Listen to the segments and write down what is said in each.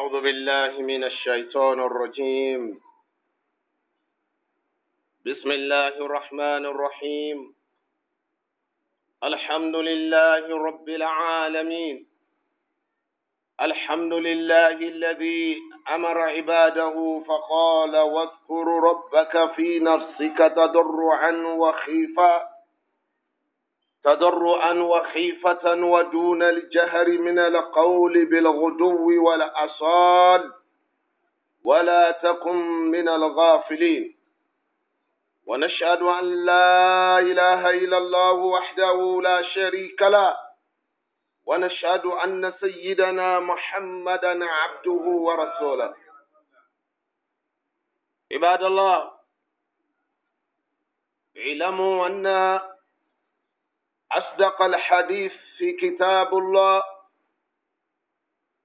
أعوذ بالله من الشيطان الرجيم بسم الله الرحمن الرحيم الحمد لله رب العالمين الحمد لله الذي أمر عباده فقال واذكر ربك في نفسك تضرعا وخيفا تضرعا وخيفة ودون الجهر من القول بالغدو والأصال ولا تكن من الغافلين ونشهد أن لا إله إلا الله وحده لا شريك له ونشهد أن سيدنا محمدا عبده ورسوله عباد الله اعلموا أن أصدق الحديث في كتاب الله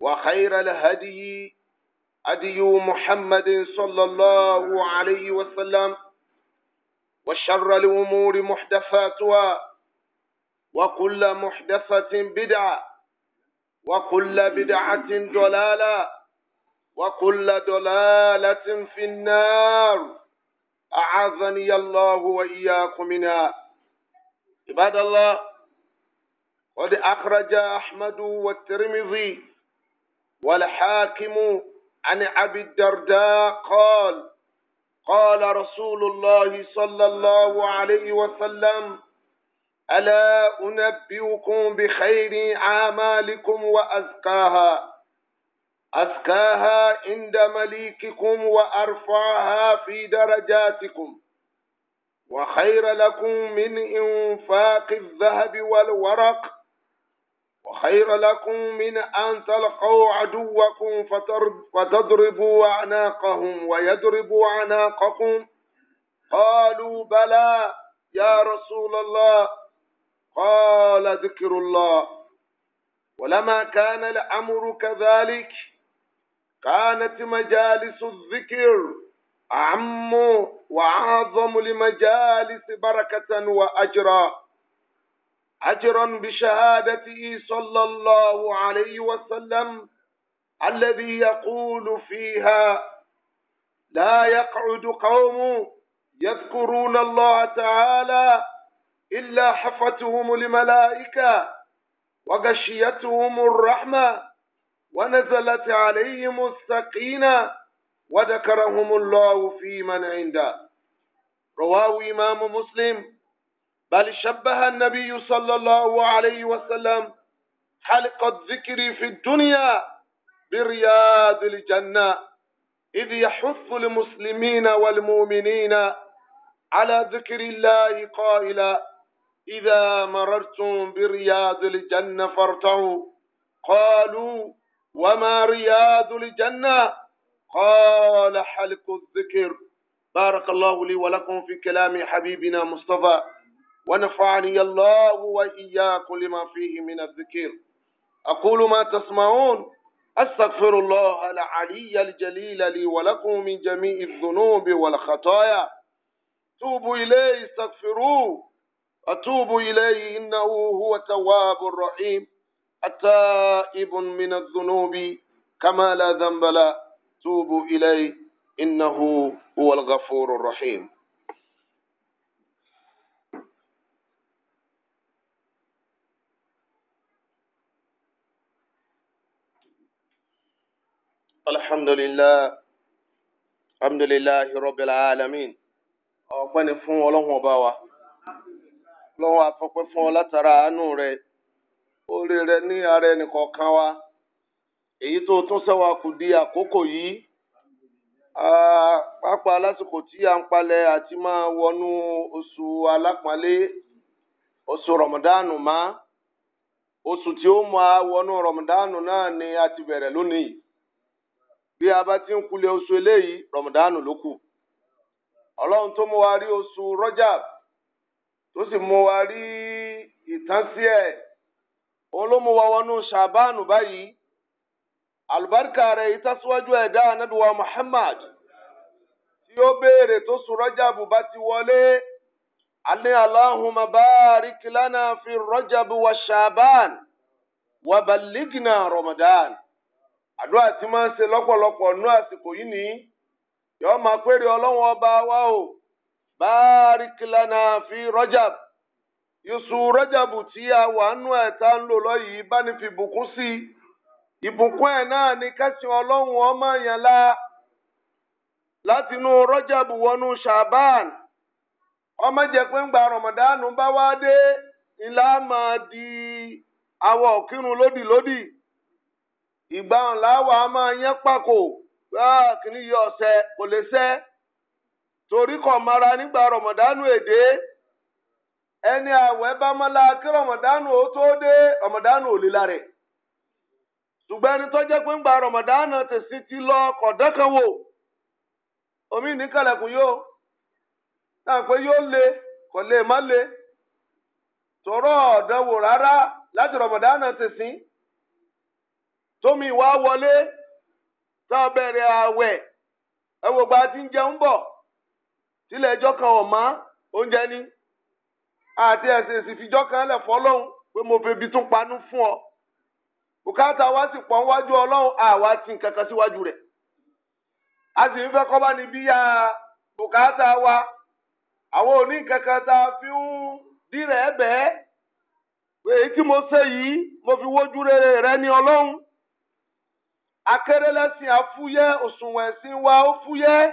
وخير الهدي هدي محمد صلى الله عليه وسلم وشر الأمور محدثاتها وكل محدثة بدعة وكل بدعة ضلالة وكل ضلالة في النار أعاذني الله وإياكم منها عباد الله قد أخرج أحمد والترمذي والحاكم عن أبي الدرداء قال قال رسول الله صلى الله عليه وسلم ألا أنبئكم بخير أعمالكم وأزكاها أزكاها عند مليككم وأرفعها في درجاتكم وخير لكم من إنفاق الذهب والورق وخير لكم من أن تلقوا عدوكم فتضربوا أعناقهم ويضربوا أعناقكم قالوا بلى يا رسول الله قال ذكر الله ولما كان الأمر كذلك كانت مجالس الذكر أعم وأعظم لمجالس بركة وأجرا أجرا بشهادته صلى الله عليه وسلم الذي يقول فيها لا يقعد قوم يذكرون الله تعالى إلا حفتهم الملائكة وغشيتهم الرحمة ونزلت عليهم السكينة وذكرهم الله في من عنده رواه إمام مسلم بل شبه النبي صلى الله عليه وسلم حلقة الذكر في الدنيا برياض الجنة إذ يحث المسلمين والمؤمنين على ذكر الله قائلا إذا مررتم برياض الجنة فارتعوا قالوا وما رياض الجنة قال حلق الذكر بارك الله لي ولكم في كلام حبيبنا مصطفى ونفعني الله وإياكم لما فيه من الذكر أقول ما تسمعون أستغفر الله العلي الجليل لي ولكم من جميع الذنوب والخطايا توبوا إليه استغفروه أتوب إليه إنه هو التواب الرحيم التائب من الذنوب كما لا ذنب له توبوا إليه إنه هو الغفور الرحيم الحمد لله الحمد لله رب العالمين ọpẹ́ ni fún ọlọ́run ọba wa ọlọ́run afọpẹ́ fún ọ látara àánú èyí tó tún sẹ́wà kù di àkókò yìí pápá lásìkò tí à ń palẹ̀ àti máa wọnú oṣù alápọ̀nlé oṣù rọ̀mọ̀dánù má oṣù tí ó máa wọnú rọ̀mọ̀dánù náà ni a ti bẹ̀rẹ̀ lónìí bí a bá ti ń kulẹ̀ oṣù eléyìí rọ̀mọ̀dánù ló kù ọlọ́run tó mú wa rí oṣù Rọ́jà tó sì mú wa rí ìtánsí ẹ̀ òun ló mú wa wọnú ṣàbánù báyìí. àlùbáríkà rẹ̀ yìí tẹ̀síwájú ẹ̀dá anábìwá Muhammad tí ó béèrè tó sùn rọ́jàbù bá ti wọlé àní Allahumma barik lana fi rọ́jàbù wa ṣàbán wa balligna Ramadan àdúrà tí máa ń ṣe lọ́pọ̀lọpọ̀ nú àsìkò yìí ní yọ máa péré ọlọ́wọ́n ọba wa o barik lana fi rọ́jàbù yusuf rọ́jàbù tí a wà nú ẹ̀ tá ń lò lọ́yìí bá ní fi bùkún sí i. ìbùkún ẹ̀ náà ni kẹ́sìn ọlọ́run ọmọ yẹn la láti inú rọ́jàbù wọnú ṣàbán ọmọ jẹ pé ń gba rọmọdánù bá wá dé ńlá máa di awọ òkírun lódì lódì ìgbà ńlá wà á máa yẹn pàkó kìíní yọ ọ̀sẹ̀ kò lè sẹ́ torí mara nígbà rọmọdánù èdè ẹni àwẹ̀ bá mọ́lá kí rọmọdánù ó tó dé rọmọdánù ò lè la ṣùgbọ́n ẹni tó jẹ́ pé ń gba rọ̀mọ̀dánà tèsí ti lọ kọ̀dán kan wò omi ìníkàlẹ̀kùn yóò náà pé yóò le kò lè má le tọrọ ọ̀dánwò rárá láti rọ̀mọ̀dánà tèsí tómi wá wọlé tá a àwẹ̀ gba ti ń jẹun tilẹ̀ ẹjọ́ kan ọ̀ mọ́ oúnjẹ ni bùkátà wa sì pọ̀ níwájú ọlọ́run àwa ti nǹkan kan síwájú rẹ̀ a sì ń fẹ́ kọ́ bá ní wa àwọn òní nǹkan tá a fi ń dírẹ̀ bẹ́ẹ̀ èyí tí mo ṣe yìí mo fi wójú rere rẹ ní ọlọ́run akérèlẹ́sìn àfúyẹ́ òṣùwọ̀n ẹ̀sìn wa ó fúyẹ́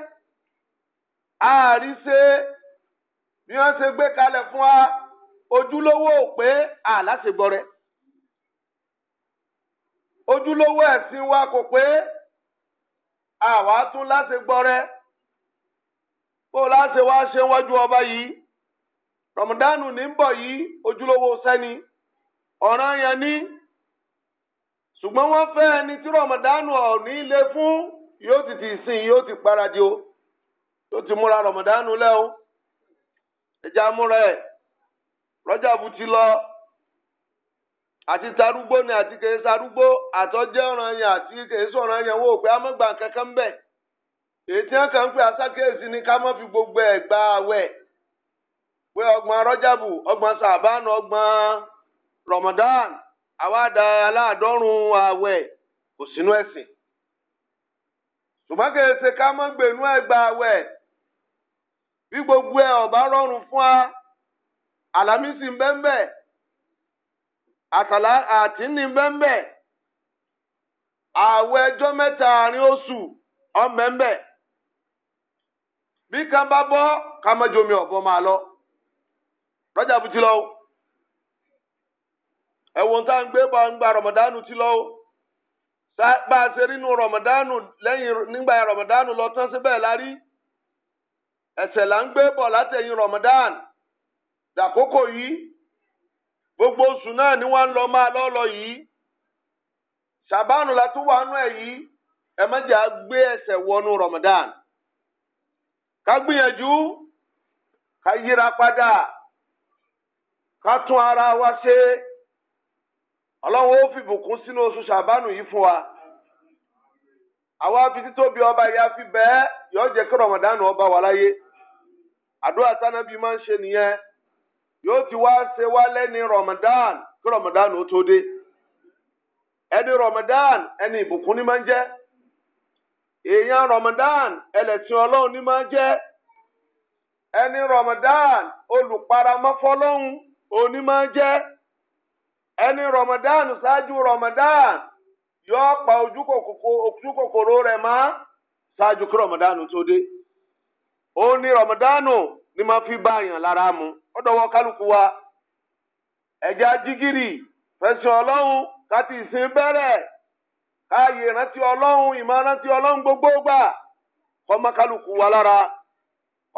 àríṣe bí wọ́n ṣe gbé kalẹ̀ fún wa ojúlówó pé àlàṣegbọ́ rẹ̀. ojúlówó ẹ̀sìn wa kò pé àwa tún láti gbọ́rẹ́ bó láti wá ṣe wájú ọba yìí rọmọdánù ní ń bọ̀ yìí ojúlówó sẹ́ni ọ̀ràn yẹn ní ṣùgbọ́n wọ́n fẹ́ ẹni tí rọmọdánù ọ̀ní lé fún yóò ti ti sìn yóò àti tarúgbó ni àti kèé sarúgbó àtọ́jẹ́ ọ̀ràn yẹn àti kèé sọ̀ràn yẹn wọ́n ò pé amọ́gbà kankan ń bẹ̀. èyí tí wọ́n kàn ń pè asákèésí ni ká má fi gbogbo ẹ̀ gba àwẹ̀ pé ọgbọ̀n rọ́jàbù ọgbọ̀n sàbánu ọgbọ̀n rọ̀mọ̀dán àwàdà aláàdọ́rùn àwẹ̀ kò sínú ẹ̀sìn. ṣùgbọ́n kèé ṣe ká má gbènú ẹ̀ gba àwẹ̀ bí gbogbo ẹ̀ ọ̀bá rọrùn fún wa àlámísì ń bẹ́ẹ̀ bẹ́ẹ̀ àtàlá àtìní bẹ́ẹ̀ àwẹ̀ ẹjọ́ mẹ́ta àárín oṣù ọ̀mẹ́mbẹ́ bí kan bá bọ́ ká mọ́jọ omi ọ̀bọ máa lọ rọ́jà bú ti lọ o ẹ̀wọ̀n tá à ń gbé bá ń gba lọ o bá a ṣe rọ̀mọ̀dánù lẹ́yìn nígbà rọ̀mọ̀dánù gbogbo oṣù náà ni wọ́n ń lọ máa lọ́lọ́ yìí ṣàbánu la tún wà nú ẹ̀ yìí ẹ má wọnú Ramadan ká gbìyànjú ká yíra padà ká tún ara wa ṣe ọlọ́run ó si sínú oṣù ṣàbánu yìí fún wa àwa fi títóbi ọba ìyá fi bẹ́ẹ̀ yọ̀ọ́ jẹ́ kí Ramadan ọba wà láyé àdúrà tánàbí máa ń ṣe yóò ti wá ṣe wá lẹ́ni Ramadan kí Ramadan ó tó dé ẹni Ramadan ẹni ìbùkún ni máa ń jẹ́ èèyàn Ramadan ẹlẹ́sìn ọlọ́run ni máa ń jẹ́ ẹni Ramadan olùparamọ́fọ́lọ́hún òní máa ń jẹ́ ẹni Ramadan ṣáájú Ramadan yóò pa ojú kòkòrò rẹ̀ mọ́ ṣáájú kí Ramadan tó dé òun ni Ramadan ni máa fi bá àyàn lára mu. ó dọwọ́ kálukú wa ẹ̀jẹ̀ ajígìrì fẹ̀sùn ọlọ́run káti ìsìn bẹ̀rẹ̀ káàyè rántí ọlọ́run ìmọ̀ rántí ọlọ́run gbogbo gbà kọ́mọ kálukú wa lára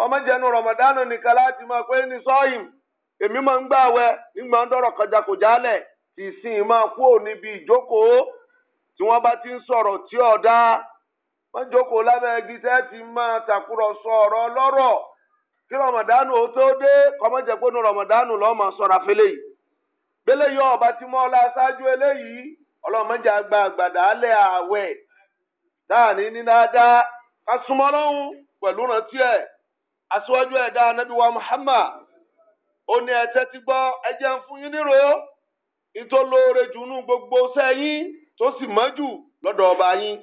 ọmọ jẹnu rọmọdánù nìkan láti máa pé ní sọ́yìn èmi máa ń gbààwẹ̀ nígbà ń dọ̀rọ̀ kọjákòjálẹ̀ tì sìn máa kú níbi ìjókòó tí wọ́n bá ti ń sọ̀rọ̀ tí ọ̀dá wọ́n jókòó lábẹ́ igi tẹ́ ti máa tàkúrọ̀sọ ọ̀rọ̀ ọlọ́rọ̀ kí rọmọdánù ó tó dé kọmọjẹgbónú rọmọdánù lọmọ sọra fẹlẹ yìí gbélé yọ ọba tí mọ la ṣáájú eléyìí ọlọmọdé àgbà àgbàdá alẹ ààwẹ̀ dáàní nínáadá ká súnmọ́ lọhùn pẹ̀lú rántí ẹ aṣíwájú ẹ̀dá anabiwa muhammad ó ní ẹtẹ ti ẹjẹ ń fún yín nírò gbogbo tó sì ọba yín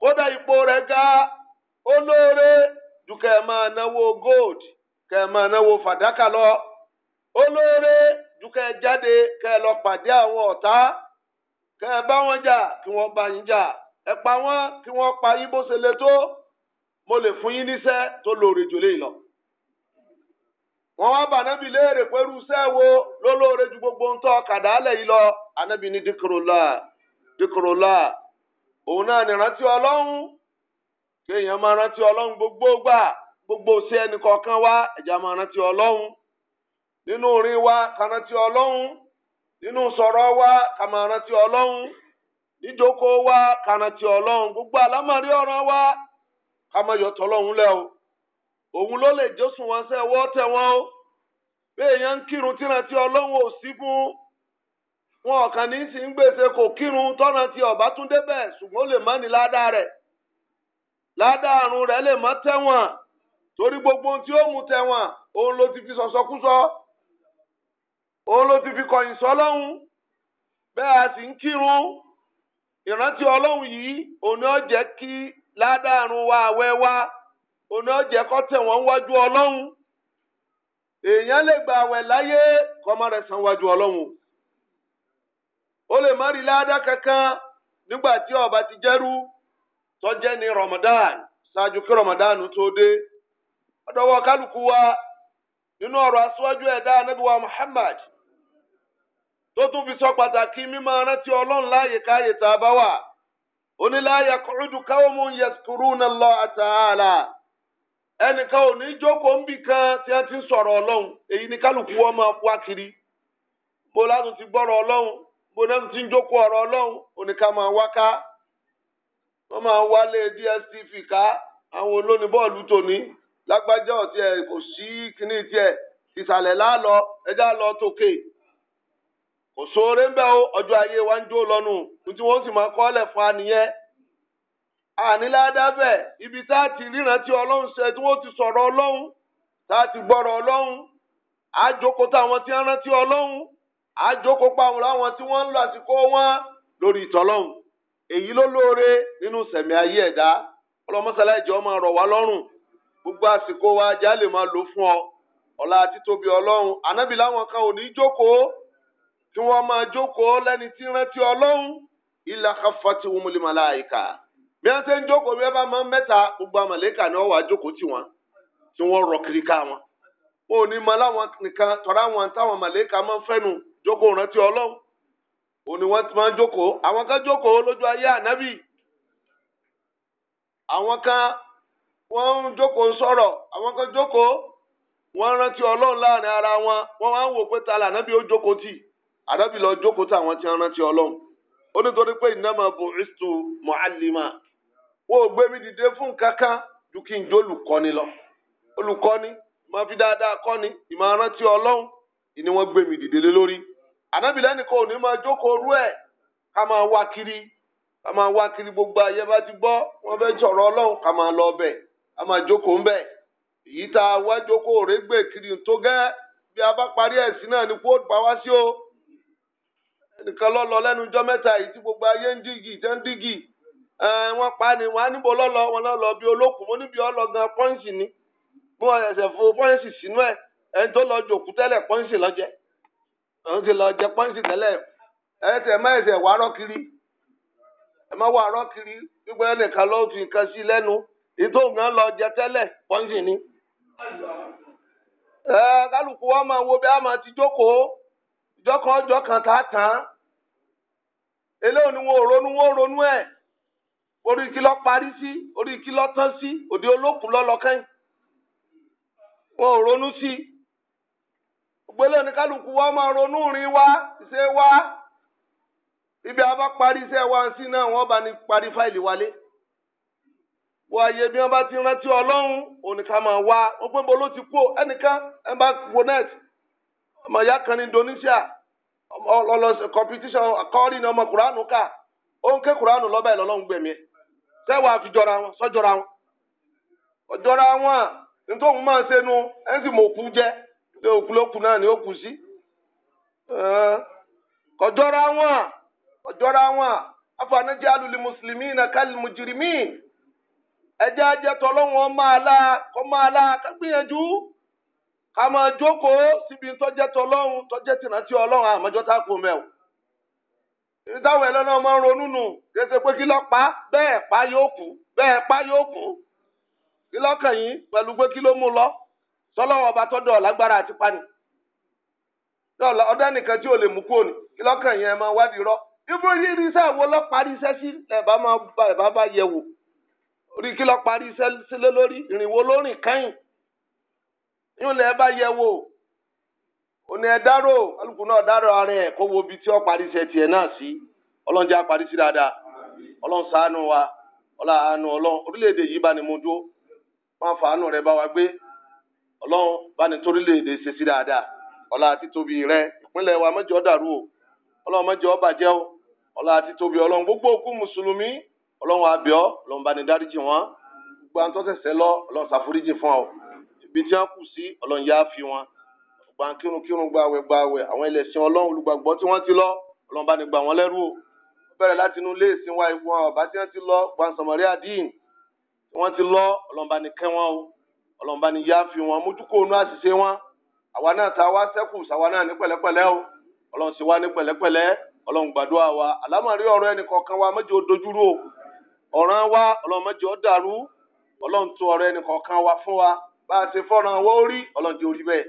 kódà ipò ga ó lóore. ju ẹ máa náwó gold ka ẹ máa náwó fàdákà lọ olóore ju ka ẹ jáde ka ẹ lọ pàdé àwọn ọ̀tá ka ẹ bá wọn jà kí wọn bá yín jà ẹ pa wọn kí wọn pa yín le tó mo lè fún yín níṣẹ́ tó lóore jòlè lọ. wá bá wo ló lóore ju gbogbo ń tọ́ kàdá lẹ̀ yìí lọ anábì ní òun náà nìrántí ọlọ́run kéèyàn máa rántí ọlọ́run gbogbo gbà gbogbo sí ẹnì kọ̀ọ̀kan wá ẹ̀já máa rántí ọlọ́run nínú orin wa ká rántí ọlọ́run nínú sọ̀rọ̀ wa ká máa rántí ọlọ́run níjókò wa ká rántí ọlọ́run gbogbo àlámọ̀rí ọ̀ràn wa ká máa yọ̀ tọ́lọ́run lẹ́ o òun lè wọn sẹ́ wọ́n o ń tí rántí ọlọ́run ládàá àrùn rẹ̀ lè mọ́ tẹ̀wọ̀n torí gbogbo ohun tí ó mú tẹ̀wọ̀n òun ló ti fi sọ̀sọ́kúsọ òun ló ti fi kọ̀yìn sọ́lọ́hún bẹ́ẹ̀ a sì ń kírun ìrántí ọlọ́hun yìí òun ni ó jẹ́ kí wa àwẹ̀ wa òun ni ó kó wájú èèyàn lè gba kankan nígbà ọba ti tọ́jẹ́ ní Ramadan ṣáájú kí Ramadan tó dé ọ̀dọ́wọ́ kálukú wa nínú ọ̀rọ̀ aṣáájú ẹ̀dá anábíwá Muhammad tó tún fi sọ pàtàkì mímọ rántí ọlọ́run láàyè káyè tá a bá wà oníláyà kọ́rọ́dù qawmun yazkuruna Allah ta'ala ẹnìkan ò ní jókòó níbì kan tí wọ́n ti ń sọ̀rọ̀ ọlọ́run èyí ni kálukú wọn máa wá kiri bó láti ti gbọ́rọ̀ ọlọ́run bó náà ti ń jókòó ọ̀rọ̀ ọlọ́run oníkà máa wá ká. wọ́n máa wálé DSTV ká àwọn olóni bọ́ọ̀lù tòní lágbájá ọ̀tí ẹ kò sí kíní tiẹ̀ ìsàlẹ̀ láàlọ́ ẹja lọ tòkè kò sóore ń o ọjọ́ ayé wa jó lọ́nu tí wọ́n sì máa kọ́lẹ̀ fún ibi tá a ti rírántí ṣe tí ti tá a ti àjòkó táwọn rántí àjòkó pa àwọn tí èyí ló lóore nínú sẹ̀mí ayé ẹ̀dá ọlọ́mọsáláìjì ọmọ rọ̀ wá lọ́rùn gbogbo àsìkò wa ajá lè máa lò fún ọ ọlá títóbi ọlọ́run ànábì láwọn kan ò ní jókòó tí wọ́n máa jókòó lẹ́ni tí rántí ọlọ́run ilà káfọ́tì wúmúlì màláìka bí wọ́n ṣe ń jókòó bí wọ́n bá máa gbogbo àmàlẹ́kà ni wọ́n jókòó tí wọ́n rọ kiri ká òun ni wọ́n ti máa ń jókòó àwọn kan jókòó lójú ayé ànábì àwọn kan wọ́n ń jókòó sọ̀rọ̀ àwọn kan jókòó wọ́n rántí ọlọ́run láàrin ara wọn wọ́n wá ń wò pé ta lànábì ó jókòó tì ànábì lọ jókòó tí àwọn ti rántí ọlọ́run ó nítorí pé innama bu'istu mu'allima wọn ò gbé mi dìde fún kankan ju kí n jó olùkọ́ni lọ olùkọ́ni máa fi dáadáa kọ́ni ìmọ̀ rántí ọlọ́run ìní wọ́n gbé mi dìde lé lórí. ànábì lẹ́nìkan ò ní máa jókòó rú ẹ̀ ká máa wá kiri ká máa wá kiri gbogbo ayé bá ti gbọ́ wọ́n fẹ́ sọ̀rọ̀ ọlọ́run ká máa lọ bẹ̀ ká máa jókòó ńbẹ̀ èyí tá a wá jókòó rẹ̀ gbé kiri tó gẹ́ bí a bá parí ẹ̀sìn náà ni kóòtù pa wá sí o ẹnìkan lọ lọ lẹ́nu ọjọ́ mẹ́ta yìí tí gbogbo ayé ń dìgì tẹ́ ń dìgì wọ́n pa ni wọ́n á níbo lọ́lọ́ wọn náà lọ bí olókùn mo níbi ọlọ gan pọ́ǹsì ni bí wọ́n ẹ̀sẹ̀ fún pọ́ǹsì sínú ẹ̀ ẹni tó lọ jòkú tẹ́lẹ̀ pọ́ǹsì lọ́jẹ́ òun ti lọ jẹ pọ́ǹsì tẹ́lẹ̀ ẹ tẹ wà kiri wà rọ́ kiri nìkan ló nǹkan sí lọ jẹ ni. ẹ kálukú wa máa wo bí a máa ti jókòó ìjọkan ọjọ́ tá a tàn eléyìí ni wọn ò ronú wọn ò ronú ẹ orí kí lọ parí ògbélé oníkálukú wa máa ronú rìn wa ṣe wá ibi abá parí iṣẹ́ wa sí náà wọ́n bá ní parí fáìlì wálé wọ ayé bí wọ́n bá ti rántí ọlọ́run oníkà máa wá ó pé bó ló ti kú ẹnìkan ẹ bá wo net ọmọ ìyá kan ní Indonesia ọlọsẹ competition akọrin ní ọmọ kuranu ká ó ń ké kuranu lọ́bẹ̀ ìlọ́lọ́run gbẹ̀mí ẹ̀ sẹ́wọ̀n àfijọ́ra wọn sọ́jọ́ra wọn ọjọ́ra wọn máa ń ṣe nu pé òkúlókù náà o ó kù sí. kọjọ́ra wọn kọjọ́ra wọn afanajẹ́ alùlí na kálí mùjìrìmí ẹjẹ́ ajẹ́ tọ́lọ́wọ́n máa la kọ́ máa la ká gbìyànjú ká máa jókòó síbi tọ́jẹ́ tọ́lọ́hún tọ́jẹ́ máa ń ronú nù pé kí pa yóò kú sọlọ́wọ́ ọba tó dọ̀ lágbára àti pani ọdẹ nìkan tí o lè mú kú òní kí lọ́kàn yẹn máa wádìí wo lọ parí iṣẹ́ sí ẹ̀bá máa bá bá yẹ wò orí kí parí sílé lórí ìrìnwó lórìn bá yẹ wò ẹ dárò alùpùpù wo ibi tí parí náà sí sí dáadáa ọlọ́run wa ọlọ́run àánú ọlọ́run orílẹ̀-èdè yìí bá ọlọ́run bá ní torílẹ̀-èdè ṣe sí dáadáa ọlá àti tóbi rẹ ìpínlẹ̀ wa mẹ́jọ dàrú o ọlọ́run mẹ́jọ bàjẹ́ o ọlá àti tóbi ọlọ́run gbogbo òkú mùsùlùmí ọlọ́run àbíọ́ ọlọ́run bá ní dáríjì wọn gbogbo àwọn tó ṣẹ̀ṣẹ̀ lọ ọlọ́run ṣàforíjì fún ọ ibi tí wọ́n kù sí ọlọ́run yá fi wọn gbà ń kírun kírun gbàwẹ̀ àwọn ẹlẹ́sìn ọlọ́run olùgbàgbọ́ tí wọ́n ti lọ ọlọ́run bá ní gbà wọ́n lẹ́rú o bẹ̀rẹ̀ láti inú ilé ìsìn wa ìwọ̀n ọ̀bá tí wọ́n ti lọ gbansọ̀mọ̀rí àdín tí wọ́n ti lọ ọlọ́run bá ní kẹ́ wọn o ọlọ́run bá ní yá fi wọn mójúkó onú àṣìṣe wọn àwa náà ta wá sẹ́kù sàwa náà ní pẹ̀lẹ́pẹ̀lẹ́ o ọlọ́run sì wá ní pẹ̀lẹ́pẹ̀lẹ́ ọlọ́run gbàdúrà wa àlámọ̀rí ọ̀rọ̀ ẹnìkọ̀ọ̀kan wa mẹ́jọ dojúrú o ọ̀ràn wa ọlọ́run mẹ́jọ dàrú ọlọ́run tó ọ̀rọ̀ ẹnìkọ̀ọ̀kan wa fún wa bá a ṣe fọ́ràn wọ́n rí ọlọ́run ti orí bẹ́ẹ̀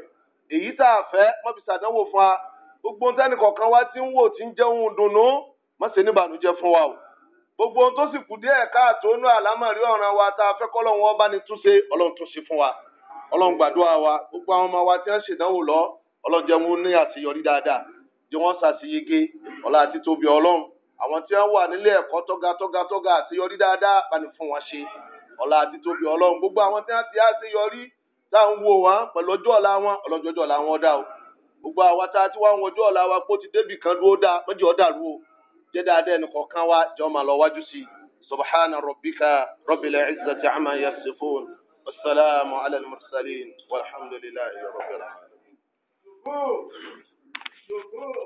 èyí tá a fẹ́ mọ́bi ṣàdánwò fún wa gbogbo ntẹ́nìkọ̀ọ̀kan wa ti ń wò ti ń jẹun dùnnú má ṣe ní ìbànújẹ́ fún wa o gbogbo ohun tó sì kù díẹ̀ káàtó nú àlámọ̀rí ọ̀ràn wa tá a fẹ́ kọ́ lọ́wọ́ bá ní túnṣe ọlọ́run tún ṣe fún wa ọlọ́run gbàdúrà wa gbogbo àwọn ọmọ wa tí wọ́n ṣèdánwò lọ ọlọ́run jẹ́ wọn ní àṣeyọrí dáadáa jẹ́ wọ́n ṣàṣeyege ọlá àti tóbi ọlọ́run àwọn tí wọ́n wà nílé ẹ̀kọ́ tọ́ga tọ́ga tọ́ga àṣeyọrí dáadáa bá ní fún wọn ṣe ọlá àti tóbi ọlọ́run gbogbo àwọn tí wọ́n ti àṣeyọrí tá à ń wo wọn pẹ̀lú ọjọ́ ọ̀la wọn ọlọ́jọ́jọ́ jẹ́ dáadáa ẹnì kọ̀ọ̀kan wa jọ máa lọ wájú sí i subhana rabbika rabbil izzati amma yasifun wasalaamu ala al-mursalin walhamdulillahi rabbil alamin.